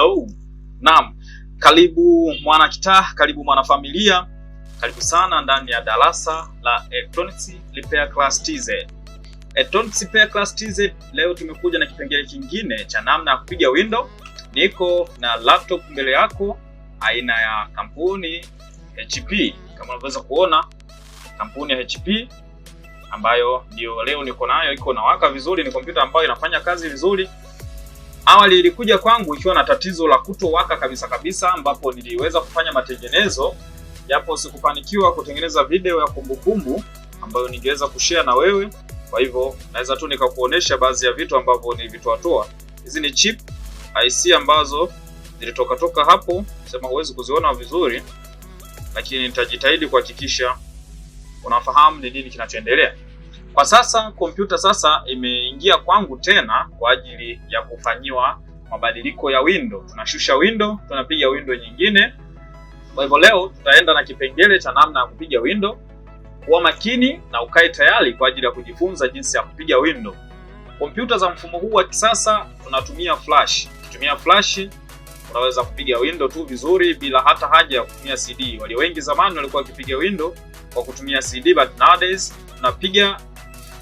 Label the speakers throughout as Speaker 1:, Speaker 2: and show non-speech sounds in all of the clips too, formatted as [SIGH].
Speaker 1: Hello. Naam. Karibu mwana kitaa, karibu mwanafamilia, karibu sana ndani ya darasa la Electronics Repair Class TZ. Electronics Repair Class TZ leo tumekuja na kipengele kingine cha namna ya kupiga window. Niko na laptop mbele yako aina ya kampuni HP. Kama unavyoweza kuona kampuni ya HP ambayo ndio leo niko nayo, iko nawaka vizuri, ni kompyuta ambayo inafanya kazi vizuri Awali ilikuja kwangu ikiwa na tatizo la kutowaka kabisa kabisa, ambapo niliweza kufanya matengenezo japo sikufanikiwa kutengeneza video ya kumbukumbu ambayo ningeweza kushare na wewe. Kwa hivyo naweza tu nikakuonesha baadhi ya vitu ambavyo nilivitoatoa. Hizi ni chip IC ambazo zilitoka toka hapo, sema huwezi kuziona vizuri, lakini nitajitahidi kuhakikisha unafahamu ni nini kinachoendelea. Kwa sasa kompyuta sasa imeingia kwangu tena kwa ajili ya kufanyiwa mabadiliko ya window. Tunashusha window, tunapiga window nyingine. Kwa hivyo leo tutaenda na kipengele cha namna ya kupiga window. Kuwa makini na ukae tayari kwa ajili ya kujifunza jinsi ya kupiga window. Kompyuta za mfumo huu wa kisasa tunatumia flash. Tumia flash unaweza kupiga window tu vizuri bila hata haja ya kutumia CD. Walio wengi zamani walikuwa wakipiga window kwa kutumia CD, but nowadays tunapiga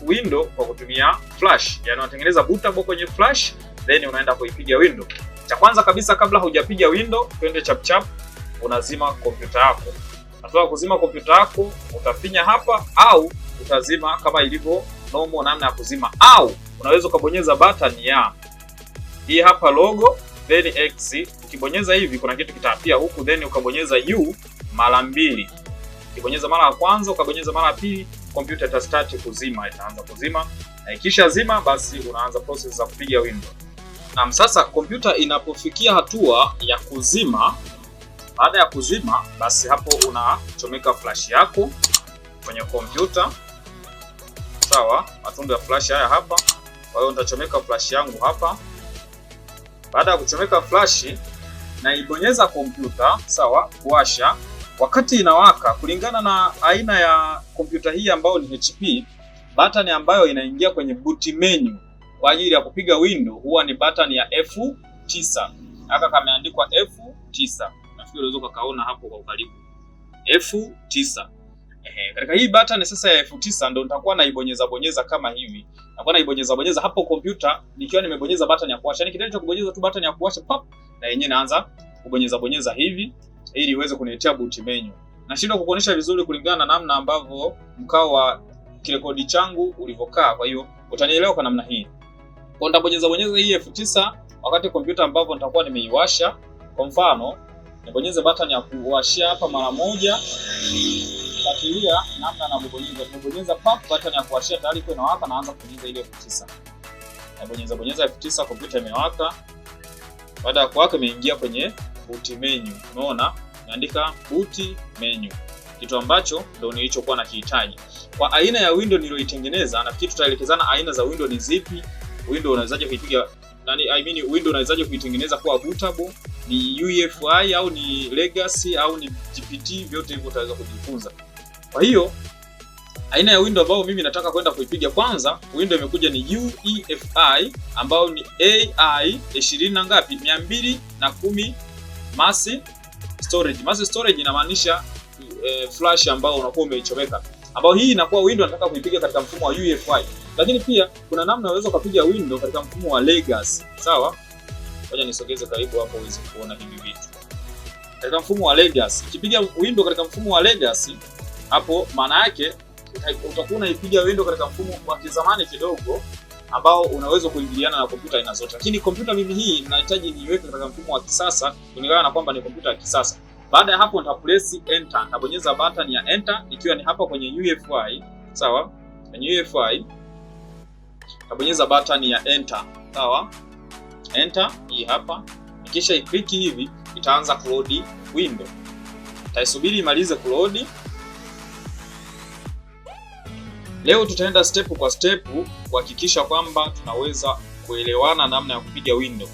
Speaker 1: window kwa kutumia flash, yani unatengeneza bootable kwenye flash then unaenda kuipiga window. Cha kwanza kabisa kabla hujapiga window, twende chap chap, unazima kompyuta yako. Hatua kuzima kompyuta yako utafinya hapa, au utazima kama ilivyo normal namna ya kuzima, au unaweza ukabonyeza button ya hii hapa logo then X. Ukibonyeza hivi kuna kitu kitaapia huku, then ukabonyeza U mara mbili. Ukibonyeza mara ya kwanza, ukabonyeza mara ya pili kompyuta itastart kuzima, itaanza kuzima na ikisha zima, basi unaanza process za kupiga window. Naam, sasa kompyuta inapofikia hatua ya kuzima, baada ya kuzima, basi hapo unachomeka flash yako kwenye kompyuta. Sawa, matundu ya flash haya hapa. Kwa hiyo nitachomeka flash yangu hapa. Baada ya kuchomeka flash, naibonyeza kompyuta, sawa, kuwasha Wakati inawaka, kulingana na aina ya kompyuta hii ambayo ni HP, button ambayo inaingia kwenye boot menu kwa ajili ya kupiga window huwa ni button ya F9. Haka kameandikwa F9. Nafikiri unaweza ukaona hapo kwa ukaribu. F9. Ehe, katika hii button sasa ya F9 ndio nitakuwa naibonyeza bonyeza kama hivi. Nitakuwa naibonyeza bonyeza hapo kompyuta nikiwa nimebonyeza button ya kuwasha. Ni kitendo cha kubonyeza tu button ya kuwasha pap na yenyewe inaanza kubonyeza bonyeza hivi ili iweze kuniletea boot menu. Nashindwa kukuonyesha vizuri kulingana na namna ambavyo mkao wa kirekodi changu ulivyokaa, kwa hiyo utanielewa kwa namna hii. Kwa nitabonyeza bonyeza hii F9 wakati kompyuta ambapo nitakuwa nimeiwasha. Kwa mfano, nibonyeze button ya kuwashia hapa mara moja. Fuatilia namna na kubonyeza. Nibonyeza pop button ya kuwashia tayari kwa inawaka, naanza kubonyeza ile F9. Nibonyeza bonyeza F9, kompyuta imewaka. Baada ya kuwaka imeingia kwenye boot menu. Unaona? naandika boot menu, kitu ambacho ndio nilichokuwa nakihitaji. Kwa aina ya window niliyoitengeneza, nafikiri tutaelekezana aina za window ni zipi, window unawezaje kuipiga nani, I mean window unawezaje kuitengeneza kuwa bootable, ni UEFI au ni legacy au ni GPT, vyote hivyo utaweza kujifunza. Kwa hiyo aina ya window ambayo mimi nataka kwenda kuipiga kwanza, window imekuja ni UEFI ambayo ni AI 20 na ngapi, 210 masi storage. Mass storage inamaanisha e, flash ambao unakuwa umeichomeka, ambayo hii inakuwa window nataka kuipiga katika mfumo wa UEFI, lakini pia kuna namna unaweza ukapiga window katika mfumo wa legacy. Sawa, ngoja nisogeze karibu hapo uweze kuona hivi vitu katika mfumo wa legacy. Ukipiga window katika mfumo wa legacy hapo, maana yake utakuwa unaipiga window katika mfumo wa kizamani kidogo ambao unaweza kuingiliana na kompyuta aina zote, lakini kompyuta mimi hii ninahitaji niweke katika mfumo wa kisasa kulingana na kwamba ni kompyuta ya kisasa. Baada ya hapo, nitapress enter, nitabonyeza button ya enter ikiwa ni hapa kwenye UEFI, sawa. Kwenye UEFI nitabonyeza button ya enter, sawa. Enter hii hapa, nikisha click hivi itaanza kuload window, taisubiri imalize kuload Leo tutaenda step kwa step kuhakikisha kwamba tunaweza kuelewana namna ya kupiga window.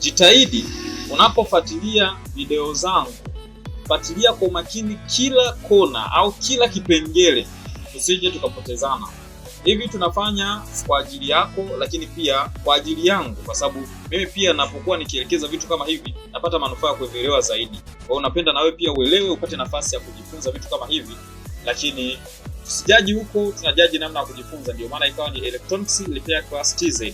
Speaker 1: Jitahidi unapofuatilia video zangu, fuatilia kwa umakini kila kona au kila kipengele, tusije tukapotezana. Hivi tunafanya kwa ajili yako, lakini pia kwa ajili yangu, kwa sababu mimi pia napokuwa nikielekeza vitu kama hivi napata manufaa ya kuelewa zaidi. Kwa hiyo napenda na wewe pia uelewe, upate nafasi ya kujifunza vitu kama hivi, lakini Sijaji huko tunajaji namna ya kujifunza, ndio maana ikawa ni Electronics Repair Class TZ.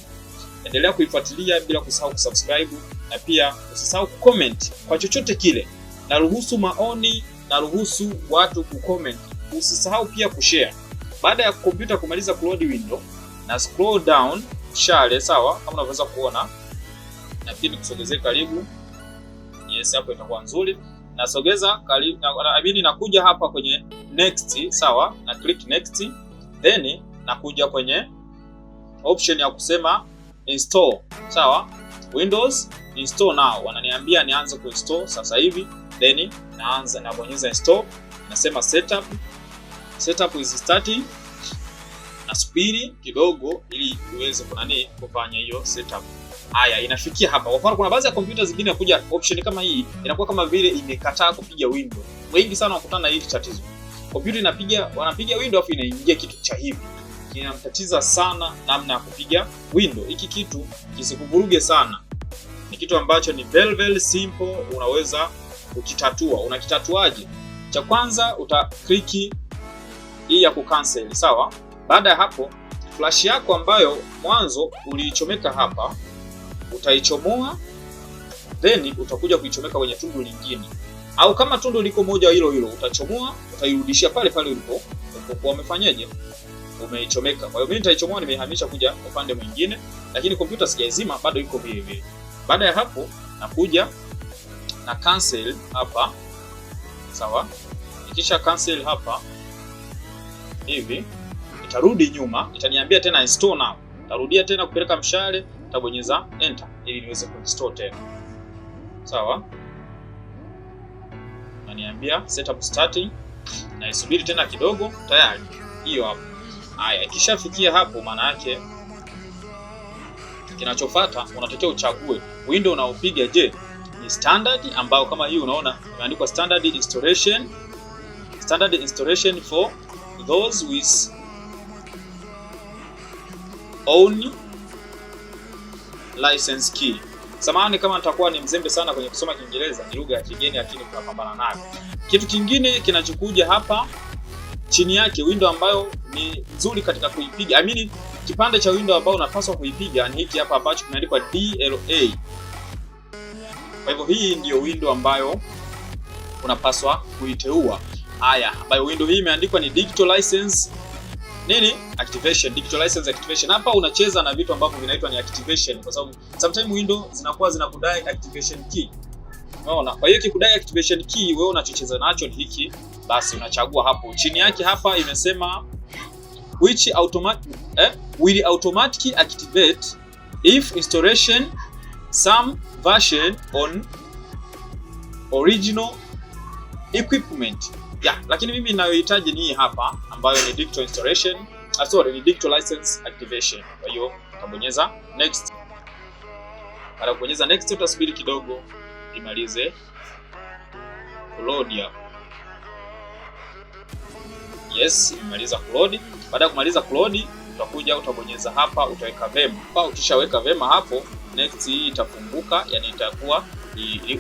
Speaker 1: Endelea kuifuatilia bila kusahau kusubscribe, na pia usisahau kucomment kwa chochote kile. Naruhusu maoni, naruhusu watu kucomment. Usisahau pia kushare. Baada ya kompyuta kumaliza kuload window na scroll down share, sawa, kama unavyoweza kuona, na pia nikusogezee karibu. Yes, hapo itakuwa nzuri nasogeza karibu na, I mean nakuja hapa kwenye next, sawa na click next, then nakuja kwenye option ya kusema install, sawa Windows install now, wananiambia nianze kuinstall sasa hivi, then naanza nabonyeza install, nasema setup, setup is starting, na nasubiri kidogo ili uweze kunani kufanya hiyo setup haya inafikia hapa. Kwa mfano, kuna baadhi ya kompyuta zingine kuja option kama hii, inakuwa kama vile imekataa kupiga window. Wengi sana wakutana na hili tatizo, kompyuta inapiga wanapiga window afu inaingia kitu cha hivi, kinamtatiza sana namna ya kupiga window. Hiki kitu kisikuvuruge sana, ni kitu ambacho ni very very simple, unaweza ukitatua. Unakitatuaje? Cha kwanza uta click hii ya kucancel, sawa. Baada ya hapo flash yako ambayo mwanzo uliichomeka hapa utaichomoa then utakuja kuichomeka kwenye tundu lingine, au kama tundu liko moja hilo hilo utachomoa, utairudishia pale pale ulipo ulipokuwa umefanyaje, umeichomeka. Kwa hiyo mimi nitaichomoa, nimeihamisha kuja upande mwingine, lakini kompyuta sijaizima bado, iko vile vile. Baada ya hapo nakuja na cancel hapa, sawa. Nikisha cancel hapa hivi, itarudi nyuma, itaniambia tena install now, tarudia tena kupeleka mshale nitabonyeza enter ili niweze kurestore tena. Sawa, naniambia setup starting, naisubiri tena kidogo. Tayari hiyo hapo. Haya, ikishafikia hapo, maana yake kinachofuata unatakiwa uchague window unaopiga. Je, ni standard ambao kama hii unaona imeandikwa standard installation, standard installation for those with own license key. Samahani kama nitakuwa ni mzembe sana kwenye kusoma Kiingereza, ni lugha ya kigeni, lakini tunapambana nayo. Kitu kingine kinachokuja hapa chini yake, window ambayo ni nzuri katika kuipiga, I mean kipande cha window ambayo unapaswa kuipiga ni hiki hapa ambacho kimeandikwa DLA. Kwa hivyo hii ndiyo window ambayo unapaswa kuiteua. Haya, by window hii imeandikwa ni digital license nini activation, digital license activation. Hapa unacheza na vitu ambavyo vinaitwa ni activation, kwa sababu sometimes window zinakuwa zinakudai activation key, unaona. Kwa hiyo kikudai activation key, wewe unachocheza nacho ni hiki, basi unachagua hapo chini yake. Hapa imesema which automatic eh, will automatically activate if installation some version on original equipment yeah, lakini mimi ninayohitaji ni hapa ambayo ni Dicto installation, uh, sorry, ni Dicto license activation. Kwa hiyo utabonyeza next. Baada ya kubonyeza next, utasubiri kidogo imalize kuload hapa. Yes, imemaliza kuload. Baada ya kumaliza kuload, utakuja utabonyeza hapa, utaweka vema. Ukishaweka vema hapo, next hii itafunguka, yani itakuwa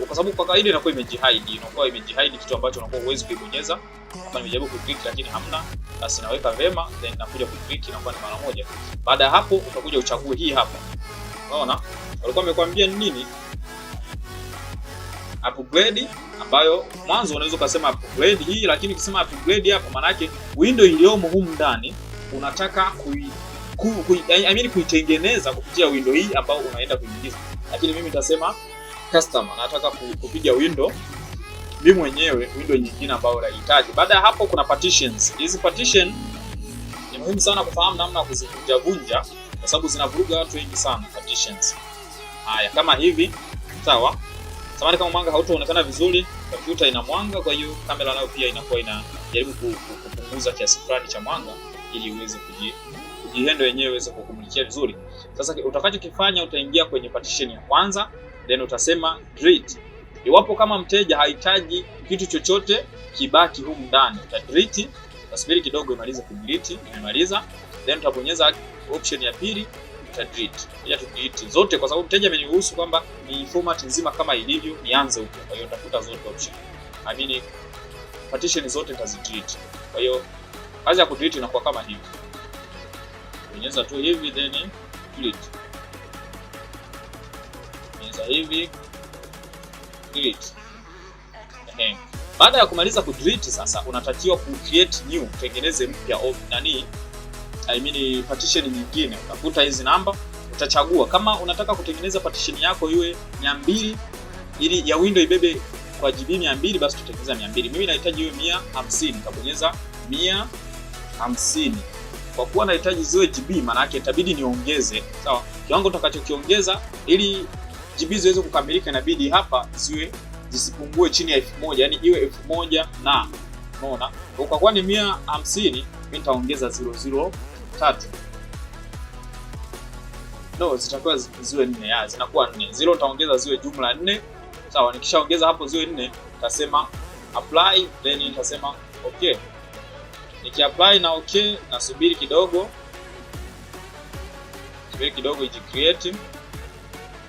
Speaker 1: kwa sababu kwa kawaida inakuwa imejihide, inakuwa imejihide kitu ambacho unakuwa huwezi kuibonyeza. Kama nimejaribu ku click lakini hamna, basi naweka vema, then nakuja ku click inakuwa ni mara moja. Baada ya hapo utakuja uchague hii hapa, unaona walikuwa wamekwambia ni nini upgrade ambayo mwanzo unaweza ukasema upgrade hii, lakini ukisema upgrade hapo, maana yake window iliyomo humu ndani unataka kui, ku, ku, I mean kuitengeneza kupitia window hii ambayo unaenda kuingiza, lakini mimi nitasema customer anataka kupiga window mi mwenyewe window nyingine ambayo unahitaji. Baada ya hapo, kuna partitions. Hizi partition ni muhimu sana kufahamu namna ya kuzivunja vunja, kwa sababu zinavuruga watu wengi sana partitions. Haya, kama hivi, sawa. Samahani kama mwanga hautoonekana vizuri, kompyuta ina mwanga, kwa hiyo kamera nayo pia inakuwa inajaribu kupunguza kiasi fulani cha mwanga ili uweze kujihandle yenyewe uweze kukomunikia vizuri. Sasa utakachokifanya, utaingia kwenye partition ya kwanza then utasema greet. Iwapo kama mteja hahitaji kitu chochote kibaki humu ndani, uta greet, utasubiri kidogo imalize ku greet, Imemaliza, then utabonyeza option ya pili uta greet. Ya tu greet zote, kwa sababu mteja ameniruhusu kwamba ni format nzima kama ilivyo nianze huko, kwa hiyo utakuta zote option, I mean partition zote nitazi greet. Kwa hiyo kazi ya ku greet inakuwa kama hivi, bonyeza tu hivi then greet sasa hivi delete. Ehe. Baada ya kumaliza delete sasa, unatakiwa ku create new, utengeneze mpya of nani, I mean partition nyingine. Utakuta hizi namba, utachagua kama unataka kutengeneza partition yako iwe 200 ili ya window ibebe kwa GB 200, basi tutengeneza 200. Mimi nahitaji iwe 150, nitabonyeza 150. Kwa kuwa nahitaji ziwe GB, maana yake itabidi niongeze. Sawa, kiwango utakachokiongeza ili GB ziweze kukamilika, inabidi hapa ziwe zisipungue chini ya elfu moja yani iwe elfu moja na unaona, ukakuwa ni mia hamsini nitaongeza 003 no, zitakuwa ziwe nne, ya zinakuwa nne zero, nitaongeza ziwe jumla nne. Sawa, nikishaongeza hapo ziwe nne, nitasema apply, then nitasema okay. Nikiapply na okay, nasubiri kidogo, subiri kidogo iji create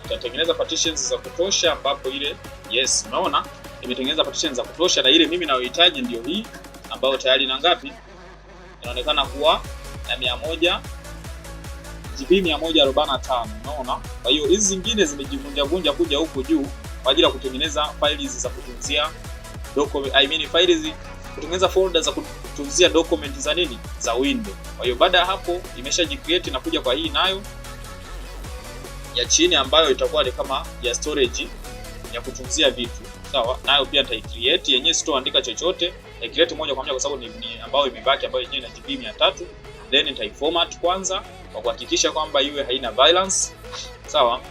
Speaker 1: itatengeneza partitions za kutosha, ambapo ile yes, unaona imetengeneza partitions za kutosha, na ile mimi nayohitaji ndio hii ambayo tayari na ngapi inaonekana kuwa na 100 GB 145, unaona. Kwa hiyo hizi zingine zimejivunja vunja kuja huku juu kwa ajili ya kutengeneza files za kutunzia document, I mean files kutengeneza folder za kutunzia document za nini za window. Kwa hiyo baada ya hapo imesha jicreate na kuja kwa hii nayo ya chini ambayo itakuwa ni kama ya storage ya kutunzia vitu sawa, nayo pia nitai create yenyewe, sitoandika chochote, na create moja kwa moja kwa sababu ni, ni ambayo imebaki ambayo yenyewe ina GB 300 then nitai format kwanza kwa kuhakikisha kwamba iwe haina violence sawa.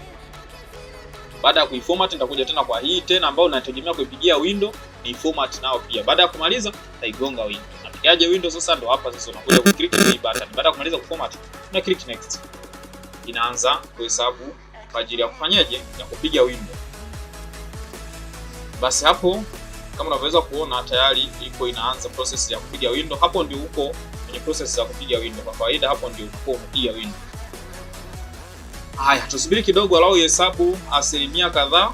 Speaker 1: Baada ya kuiformat nitakuja tena kwa hii tena ambayo nategemea kuipigia window ni format nao pia. Baada ya kumaliza nitaigonga window. Napigaje window sasa? Ndo hapa sasa unakuja ku click hii button. Baada ya kumaliza kuformat na click next inaanza kuhesabu kwa ajili ya kufanyaje, ya kupiga wimbo. Basi hapo kama unavyoweza kuona tayari iko inaanza process ya kupiga window. Hapo ndio uko kwenye process ya kupiga window. Kwa kawaida hapo ndio uko kupiga window. Haya, tusubiri kidogo alao hesabu asilimia kadhaa.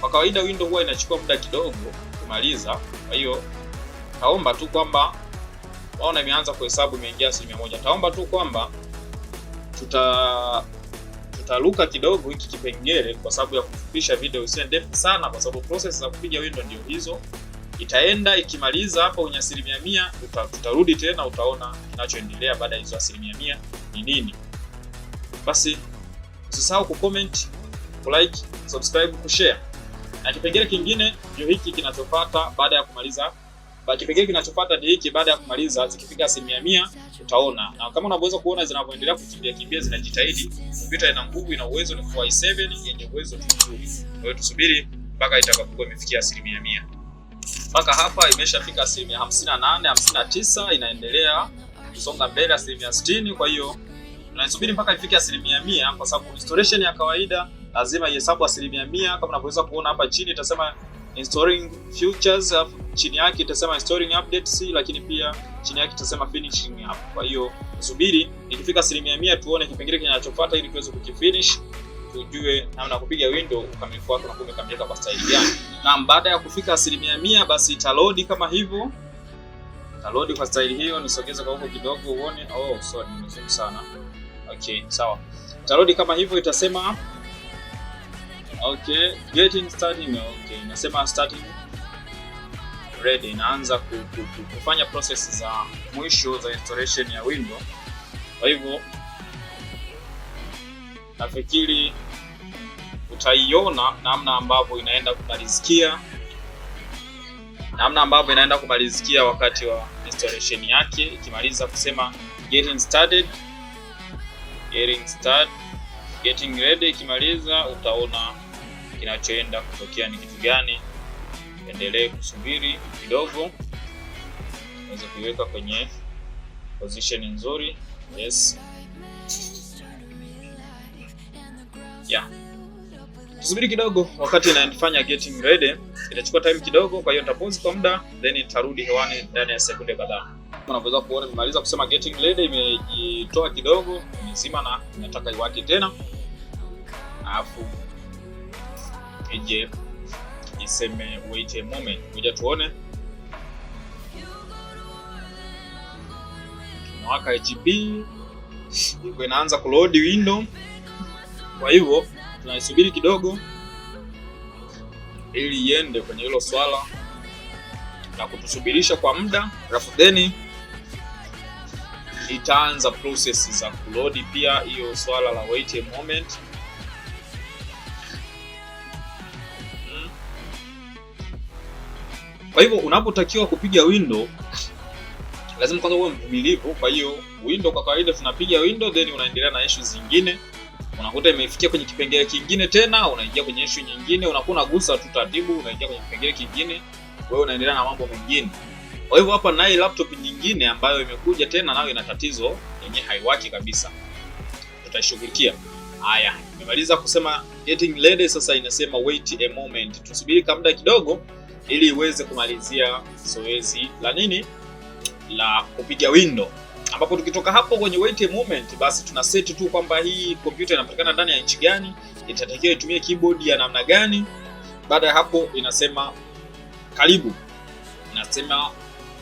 Speaker 1: Kwa kawaida window huwa inachukua muda kidogo kumaliza, kwa hiyo taomba tu kwamba waona imeanza kuhesabu imeingia asilimia moja. Taomba tu kwamba tuta tutaruka kidogo hiki kipengele kwa sababu ya kufupisha video isiwe ndefu sana, kwa sababu process za kupiga wimbo ndio hizo. Itaenda ikimaliza hapa kwenye asilimia mia, tutarudi tena, utaona kinachoendelea baada ya hizo asilimia mia ni nini. Basi usisahau kucomment, kulike, subscribe, kushare. Na kipengele kingine ndio hiki kinachofuata baada ya kumaliza Ba kipekee kinachofuata ni hiki, baada ya kumaliza zikifika asilimia mia utaona. Na kama unavyoweza kuona zinavyoendelea kukimbia kimbia zinajitahidi. Kompyuta ina nguvu, ina uwezo, ni kwa i7 yenye uwezo mzuri. Kwa hiyo tusubiri mpaka itakapokuwa imefikia asilimia mia. Mpaka hapa imeshafika asilimia 58, 59 inaendelea kusonga mbele asilimia 60, kwa hiyo tunasubiri mpaka ifike asilimia mia kwa sababu restoration ya kawaida lazima ihesabu asilimia mia. Kama unavyoweza kuona hapa chini itasema installing futures, hapo chini yake itasema installing updates, lakini pia chini yake itasema finishing up. Kwa hiyo subiri ikifika asilimia mia tuone kipengele kinachofuata ili tuweze kukifinish tujue namna kupiga window ukamilifu wake na kumekamilika kwa staili gani. Na baada ya kufika asilimia mia basi italodi kama hivyo, italodi kwa staili hiyo. Nisogeze kwa huko kidogo uone. Oh, sorry nimezungu sana. Okay, sawa, italodi kama hivyo, itasema Okay, getting starting okay. nasema starting ready, inaanza kufanya process za mwisho za installation ya window Kwa hivyo nafikiri utaiona namna ambavyo inaenda kumalizikia namna ambavyo inaenda kumalizikia wakati wa installation yake, ikimaliza kusema getting started, getting started, getting ready, ikimaliza utaona kinachoenda kutokea ni kitu gani. Endelee kusubiri kidogo, naweza kuiweka kwenye position nzuri. Yes, yeah, tusubiri kidogo, wakati inafanya getting ready itachukua time kidogo, kwa hiyo nitapause kwa muda then itarudi hewani ndani ya sekunde kadhaa. Unaweza kuona nimemaliza kusema getting ready, imejitoa kidogo, imezima na nataka iwake tena, alafu ije iseme wait a moment. Ngoja tuone mwaka HB iko inaanza kuload window, kwa hivyo tunaisubiri kidogo ili iende kwenye hilo swala na kutusubirisha kwa muda, alafu then itaanza process za kulodi pia hiyo swala la wait a moment. Kwa hivyo unapotakiwa kupiga window lazima kwanza uwe mvumilivu. Kwa hiyo window kwa kawaida tunapiga window, then unaendelea na issue zingine, unakuta imefikia kwenye kipengele kingine, tena unaingia kwenye issue nyingine, unakuwa unagusa tu taratibu, unaingia kwenye kipengele kingine, wewe unaendelea na mambo mengine. Kwa hivyo hapa naye laptop nyingine ambayo imekuja tena, nayo ina tatizo yenye haiwaki kabisa, tutashughulikia haya. Nimemaliza kusema getting ready, sasa inasema wait a moment, tusubiri kabla kidogo ili iweze kumalizia zoezi la nini la kupiga window, ambapo tukitoka hapo kwenye wait moment, basi tuna set tu kwamba hii kompyuta inapatikana ndani ya nchi gani, itatakiwa itumie keyboard ya namna gani. Baada ya hapo inasema karibu, inasema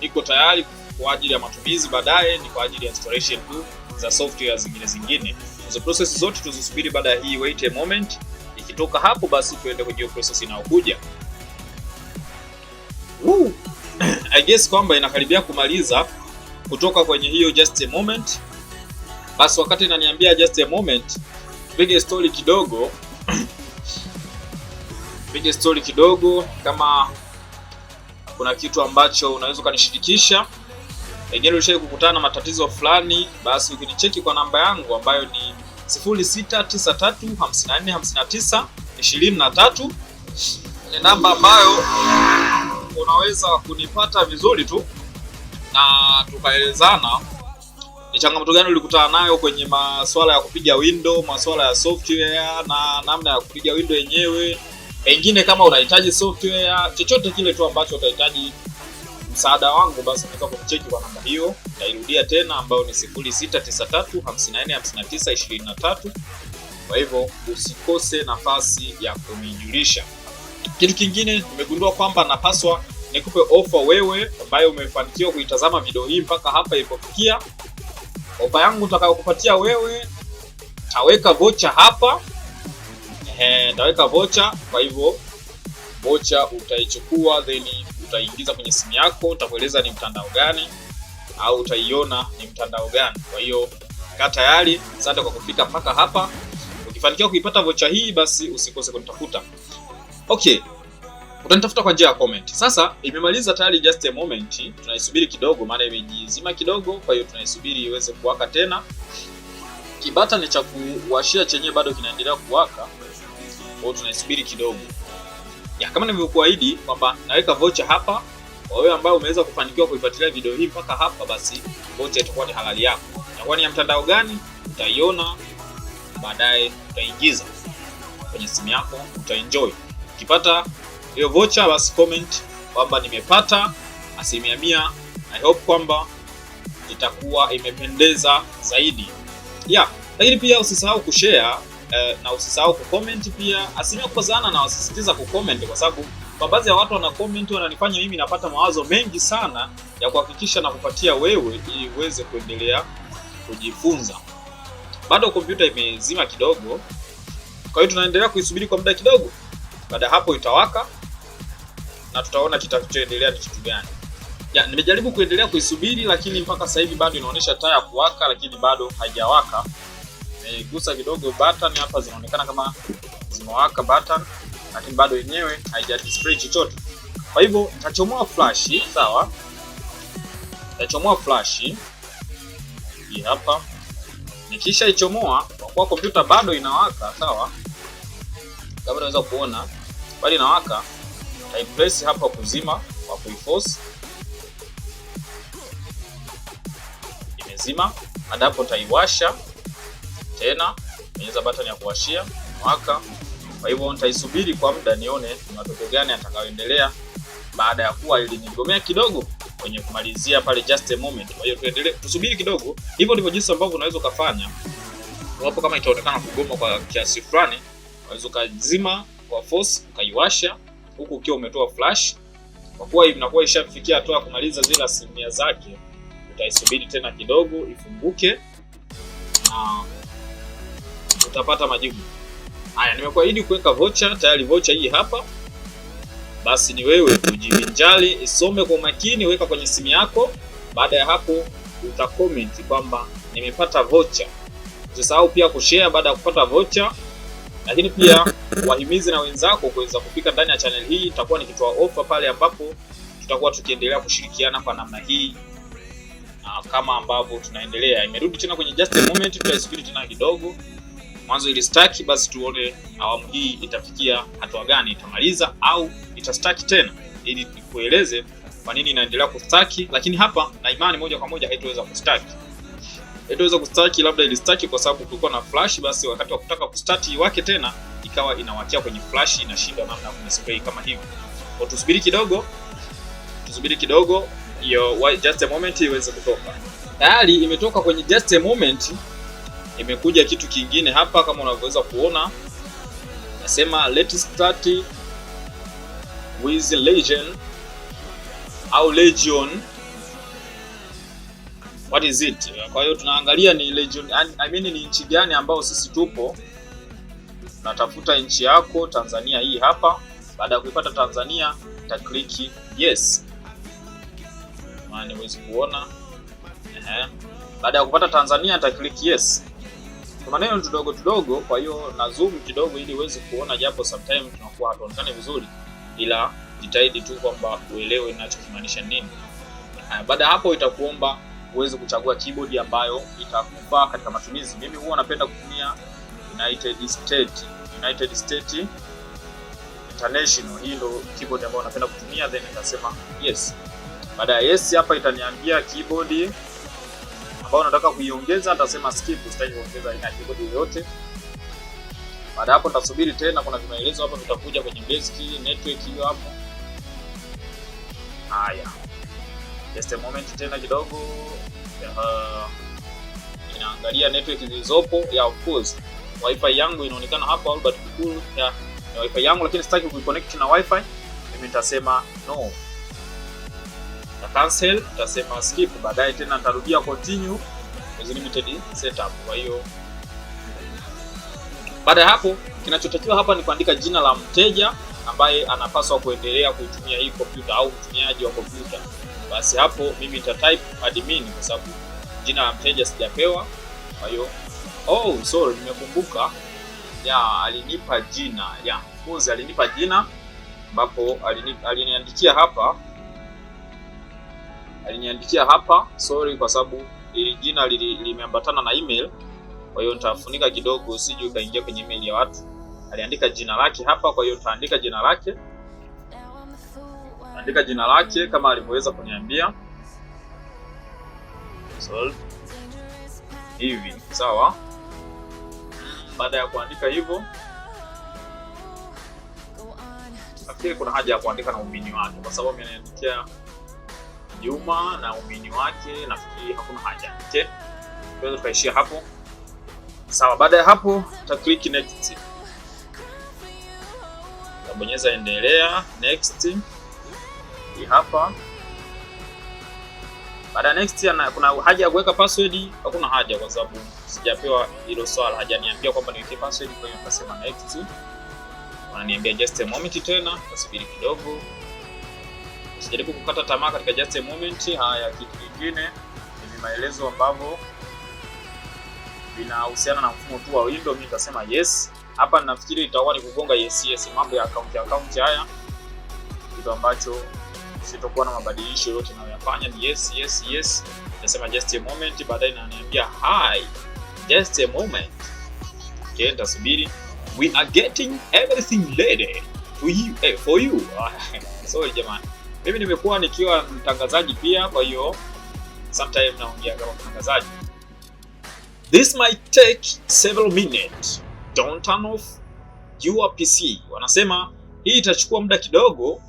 Speaker 1: iko tayari kwa ajili ya matumizi, baadaye ni kwa ajili ya installation tu za software zingine zingine. Hizo process zote tuzisubiri baada ya hii wait moment. Ikitoka hapo basi tuende kwenye process inayokuja. [COUGHS] I guess kwamba inakaribia kumaliza kutoka kwenye hiyo just a moment. Basi wakati inaniambia just a moment, tupige story kidogo tupige [COUGHS] story kidogo, kama kuna kitu ambacho unaweza ukanishirikisha, pengine ulishai kukutana na matatizo fulani, basi ukinicheki kwa namba yangu ambayo ni 0693545923 ni namba ambayo unaweza kunipata vizuri tu na tukaelezana ni changamoto gani ulikutana nayo kwenye masuala ya kupiga window, masuala ya software na namna ya kupiga window yenyewe, pengine kama unahitaji software chochote kile tu ambacho utahitaji msaada wangu, basi unaweza kunicheki kwa namba hiyo. Nitairudia tena ambayo ni 0693545923. Kwa hivyo usikose nafasi ya kunijulisha. Kitu kingine nimegundua kwamba napaswa nikupe ofa wewe ambaye umefanikiwa kuitazama video hii mpaka hapa ilipofikia. Ofa yangu nitakayokupatia wewe, taweka vocha hapa. Ehe, taweka vocha. Kwa hivyo vocha utaichukua, then utaingiza kwenye simu yako. Nitakueleza ni mtandao gani au utaiona ni mtandao gani. Kwa hiyo kaa tayari. Asante kwa kufika mpaka hapa. Ukifanikiwa kuipata vocha hii, basi usikose kunitafuta. Okay, utanitafuta kwa njia ya comment. Sasa imemaliza tayari, just a moment, tunaisubiri kidogo, maana imejizima kidogo, kwa hiyo tunaisubiri iweze kuwaka tena. Kibata ni cha kuwashia chenye bado kinaendelea kuwaka, kwa hiyo tunaisubiri kidogo ya, kama nilivyokuahidi kwamba naweka voucher hapa kwa wewe ambaye umeweza kufanikiwa kuifuatilia video hii mpaka hapa, basi voucher itakuwa ni halali yako. Itakuwa ni ya mtandao gani? Utaiona baadaye, utaingiza kwenye simu yako, utaenjoy ukipata hiyo voucher basi comment kwamba nimepata asilimia mia. I hope kwamba itakuwa imependeza zaidi yeah. Lakini pia usisahau kushare eh, na usisahau kucomment pia, asilimia kubwa sana na wasisitiza kucomment, kwa sababu kwa baadhi ya watu wana comment wananifanya mimi napata mawazo mengi sana ya kuhakikisha na kupatia wewe ili uweze kuendelea kujifunza. Bado kompyuta imezima kidogo, kwa hiyo tunaendelea kuisubiri kwa muda kidogo. Baada hapo itawaka na tutaona kitakachoendelea ni kitu gani. Ya, nimejaribu kuendelea kuisubiri lakini mpaka sasa hivi bado inaonyesha taa ya kuwaka lakini bado haijawaka. Nimegusa kidogo button hapa, zinaonekana kama zimewaka button lakini bado yenyewe haija display chochote. Kwa hivyo nitachomoa flash, sawa? Nitachomoa flash hii hapa. Nikisha ichomoa, kwa kuwa kompyuta bado inawaka, sawa? Kama unaweza kuona bali na waka taipress hapa kuzima kwa kuiforce, imezima. Adapo taiwasha tena, bonyeza button ya kuwashia waka. Kwa hivyo nitaisubiri kwa muda nione matokeo gani atakayoendelea baada ya kuwa ilinigomea kidogo kwenye kumalizia pale just a moment. Kwa hiyo tuendelee tusubiri kidogo. Hivyo ndivyo jinsi ambavyo unaweza ukafanya, wapo kama itaonekana kugoma kwa kiasi fulani, unaweza ukazima kwa force ukaiwasha huku ukiwa umetoa flash, kwa kuwa inakuwa ishafikia hatua kumaliza zile asilimia zake, utaisubiri tena kidogo ifunguke na utapata majibu haya. Nimekuahidi kuweka vocha, tayari vocha hii hapa. Basi ni wewe kujivinjali, isome kwa makini, weka kwenye simu yako. Baada ya hapo utakomenti kwamba nimepata vocha. Usisahau pia kushare baada ya kupata vocha lakini pia wahimizi na wenzako kuweza kufika ndani ya channel hii. Nitakuwa nikitoa ofa pale ambapo tutakuwa tukiendelea kushirikiana kwa namna hii na kama ambavyo tunaendelea. Imerudi tena kwenye just a moment, tutaisubiri tena kidogo. Mwanzo ilistaki, basi tuone awamu hii itafikia hatua gani, itamaliza au itastaki tena, ili nikueleze kwa nini inaendelea kustaki. Lakini hapa na imani moja kwa moja haitoweza kustaki haitaweza kustaki, labda ilistaki kwa sababu kulikuwa na flash, basi wakati wa kutaka kustati wake tena ikawa inawakia kwenye flash, inashindwa namna ya kumespray kama hivi. Kwa tusubiri kidogo, tusubiri kidogo hiyo just a moment iweze kutoka. Tayari imetoka kwenye just a moment, imekuja kitu kingine hapa kama unavyoweza kuona, nasema let's start with legion au legion what is it? Kwa hiyo tunaangalia ni region, I mean ni nchi gani ambao sisi tupo. Natafuta nchi yako Tanzania hii hapa. Baada ya kuipata Tanzania, ta click yes, maana huwezi kuona ehe. Baada ya kupata Tanzania, ta click yes. Kwa maneno tudogo tudogo, kwa hiyo na zoom kidogo ili uweze kuona, japo sometime tunakuwa hatuonekani vizuri, ila jitahidi tu kwamba uelewe ninachokimaanisha nini. Baada hapo itakuomba uweze kuchagua keyboard ambayo itakufaa katika matumizi. Mimi huwa napenda kutumia United State, United State International. Hii ndio keyboard ambayo napenda kutumia, then nitasema yes. Baada ya yes, hapa itaniambia keyboard ambayo nataka kuiongeza, nitasema skip, sitaki kuongeza aina ya keyboard yoyote. Baada hapo nitasubiri tena, kuna maelezo hapo vitakuja kwenye basic network hiyo hapo. Haya just a moment tena kidogo. Uh, inaangalia network zilizopo. Yeah, of course wifi yangu inaonekana hapo Albert Kikulu, yeah, ni wifi yangu, lakini sitaki kuiconnect na wifi. Mimi nitasema no, na cancel, nitasema skip, baadaye tena nitarudia continue with limited setup. Kwa hiyo baada ya hapo, kinachotakiwa hapa ni kuandika jina la mteja ambaye anapaswa kuendelea kuitumia hii kompyuta au mtumiaji wa kompyuta basi hapo mimi nita type admin kwa sababu jina la mteja sijapewa. Kwa hiyo oh, sorry, nimekumbuka ya alinipa jina ya mfunzi alinipa jina ambapo aliniandikia hapa aliniandikia hapa, sorry, kwa sababu ili jina limeambatana na email. Kwa hiyo nitafunika kidogo, usije ukaingia kwenye email ya watu. Aliandika jina lake hapa, kwa hiyo nitaandika jina lake andika jina lake kama alivyoweza kuniambia hivi, sawa. Baada ya kuandika hivyo, nafikiri kuna haja ya kuandika na umini wake, kwa sababu ameniandikia Juma na umini wake, nafikiri hakuna haja. Okay, tunaweza tukaishia hapo, sawa. Baada ya hapo, click next, tabonyeza endelea, next password hapa. Baada ya next kuna haja ya kuweka password? Hakuna haja kwa sababu sijapewa hilo swala, hajaniambia kwamba niweke password, kwa hiyo nitasema next. Wananiambia just a moment, tena nasubiri kidogo, sijaribu kukata tamaa katika just a moment. Haya, kitu kingine ni maelezo ambavyo vinahusiana na mfumo tu wa Windows. Mimi nitasema yes hapa, nafikiri itakuwa ni kugonga yes yes, mambo ya account account, haya kitu ambacho kusitokuwa na mabadilisho yoyote nayoyafanya, ni yes yes yes, nasema just a moment, baadaye naniambia hi, just a moment. Okay, nitasubiri. We are getting everything ready for you, eh, for you. [LAUGHS] Sorry jamani, mimi nimekuwa nikiwa mtangazaji pia, kwa hiyo sometimes naongea kama mtangazaji. This might take several minutes. Don't turn off your PC. Wanasema hii itachukua muda kidogo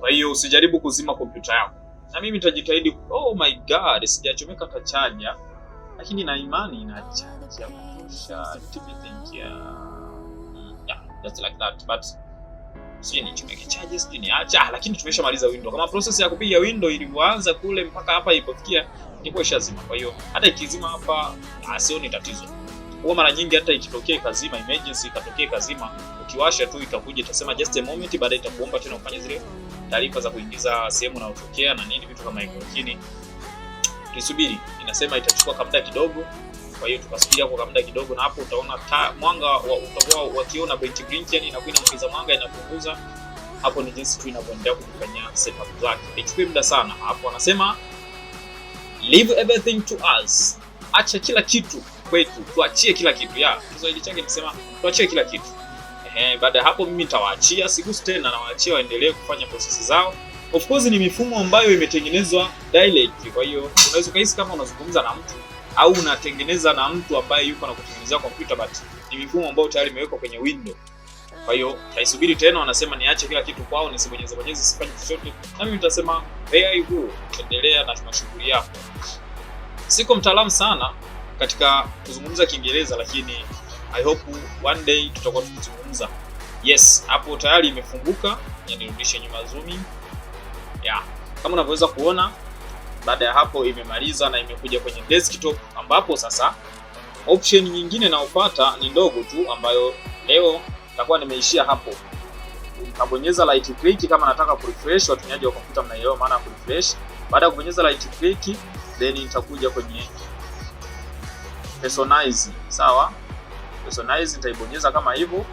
Speaker 1: kwa hiyo usijaribu kuzima kompyuta yako, na mimi nitajitahidi. Oh my god, sijachomeka tachaja, lakini na imani ina Think, ya Yeah, Just mm, like that but sijui ni chomeke sijui ni acha, ah, lakini tumeshamaliza window. Kama process ya kupiga window ilivyoanza kule mpaka hapa ilipofikia ilikuwa ishazima. Kwa hiyo hata ikizima hapa, asioni ah, tatizo. Huwa mara nyingi hata ikitokea ikazima, emergency ikatokea ikazima, ukiwasha tu itakuja itasema just a moment, baadaye itakuomba tena ufanye zile taarifa za kuingiza sehemu unayotokea na nini, vitu kama hivyo, lakini tusubiri, inasema itachukua kabda kidogo kwa hiyo tukasikia kwa muda kidogo, na hapo utaona ta, mwanga wa utakuwa wakiona Bent yani inakuwa inaongeza mwanga inapunguza. Hapo ni jinsi tu inavyoendelea kufanya setup zake, ichukui muda sana. Hapo anasema leave everything to us, acha kila kitu kwetu, tuachie kila kitu ya Kiswahili chake nikisema tuachie kila kitu. Ehe, baada ya hapo mimi nitawaachia, sigusi tena, nawaachia waendelee kufanya prosesi zao. Of course ni mifumo ambayo imetengenezwa dialect, kwa hiyo unaweza kuhisi kama unazungumza na mtu au unatengeneza na mtu ambaye yuko na kutengenezea kompyuta, but ni mifumo ambayo tayari imewekwa kwenye window. Kwa hiyo taisubiri tena, wanasema niache kila kitu kwao, nisibonyeze bonyeze, sifanye chochote, na mimi nitasema AI, endelea na shughuli yako. Siko mtaalamu sana katika kuzungumza Kiingereza, lakini I hope one day tutakuwa tukizungumza. Yes, hapo tayari imefunguka, nirudishe nyuma zumi. Yeah, kama unavyoweza kuona baada ya hapo imemaliza na imekuja kwenye desktop, ambapo sasa option nyingine inayopata ni ndogo tu, ambayo leo nitakuwa nimeishia hapo. Utabonyeza right click kama nataka kurefresh. Watumiaji wa kompyuta mnaelewa maana ya kurefresh. Baada ya kubonyeza right click, then nitakuja kwenye personalize, sawa. Personalize nitaibonyeza kama hivyo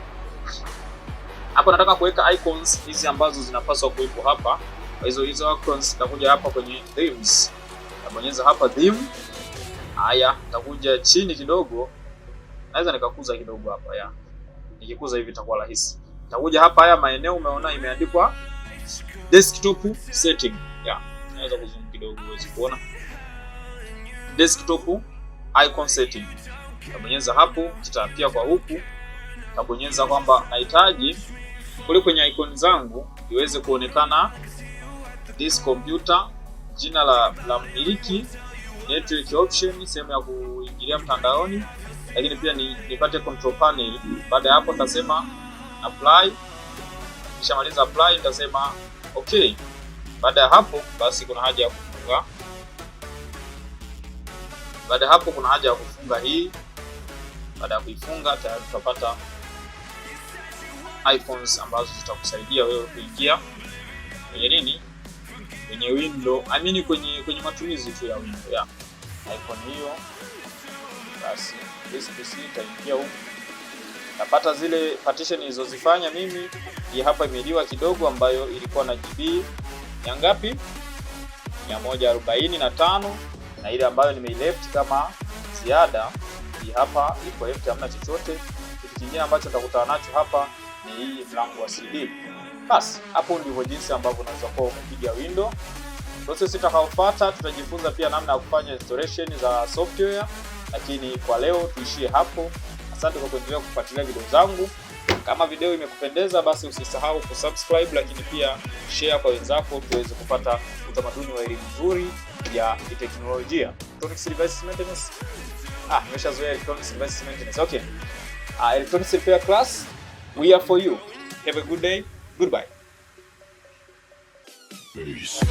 Speaker 1: hapo. Nataka kuweka icons hizi ambazo zinapaswa kuwepo hapa. Kwa hizo hizo icons nitakuja hapa kwenye themes, nabonyeza hapa theme. Haya, nitakuja chini kidogo, naweza nikakuza kidogo hapa ya nikikuza hivi itakuwa rahisi. Nitakuja hapa, haya maeneo umeona imeandikwa desktop setting ya, naweza kuzoom kidogo uweze kuona desktop icon setting. Tabonyeza hapo, tutaapia kwa huku, tabonyeza kwamba nahitaji kule kwenye icon zangu iweze kuonekana this computer, jina la, la mmiliki, network option, sehemu ya kuingilia mtandaoni, lakini pia nipate control panel. Baada ya hapo nitasema apply, kisha maliza apply nitasema okay. Baada ya hapo basi kuna haja ya kufunga baada ya hapo, kuna haja ya kufunga hii. Baada ya kuifunga, tayari tutapata icons ambazo zitakusaidia wewe kuingia kwenye nini, kwenye window amini, kwenye kwenye matumizi tu ya window ya icon hiyo. Basi PC itaingia huko, napata zile partition nilizozifanya mimi. Hii hapa imeliwa kidogo, ambayo ilikuwa na GB ya ngapi? 145 na ile ambayo nimeileft kama ziada hii hapa iko empty, hamna chochote. Kitu kingine ambacho nitakutana nacho hapa ni hii mlango wa CD. Basi hapo ndivyo jinsi ambavyo unaweza kuwa umepiga window. Process itakayofuata tutajifunza pia namna ya kufanya installation za software, lakini kwa leo tuishie hapo. Asante kwa kuendelea kufuatilia video zangu. Kama video imekupendeza, basi usisahau kusubscribe, lakini pia share kwa wenzako, tuweze kupata utamaduni wa elimu nzuri. ya teknolojia electronics device maintenance. Ah, nimeshazoea electronics device maintenance. Okay. Uh, ah, electronics repair class, we are for you. Have a good day. Goodbye. Peace.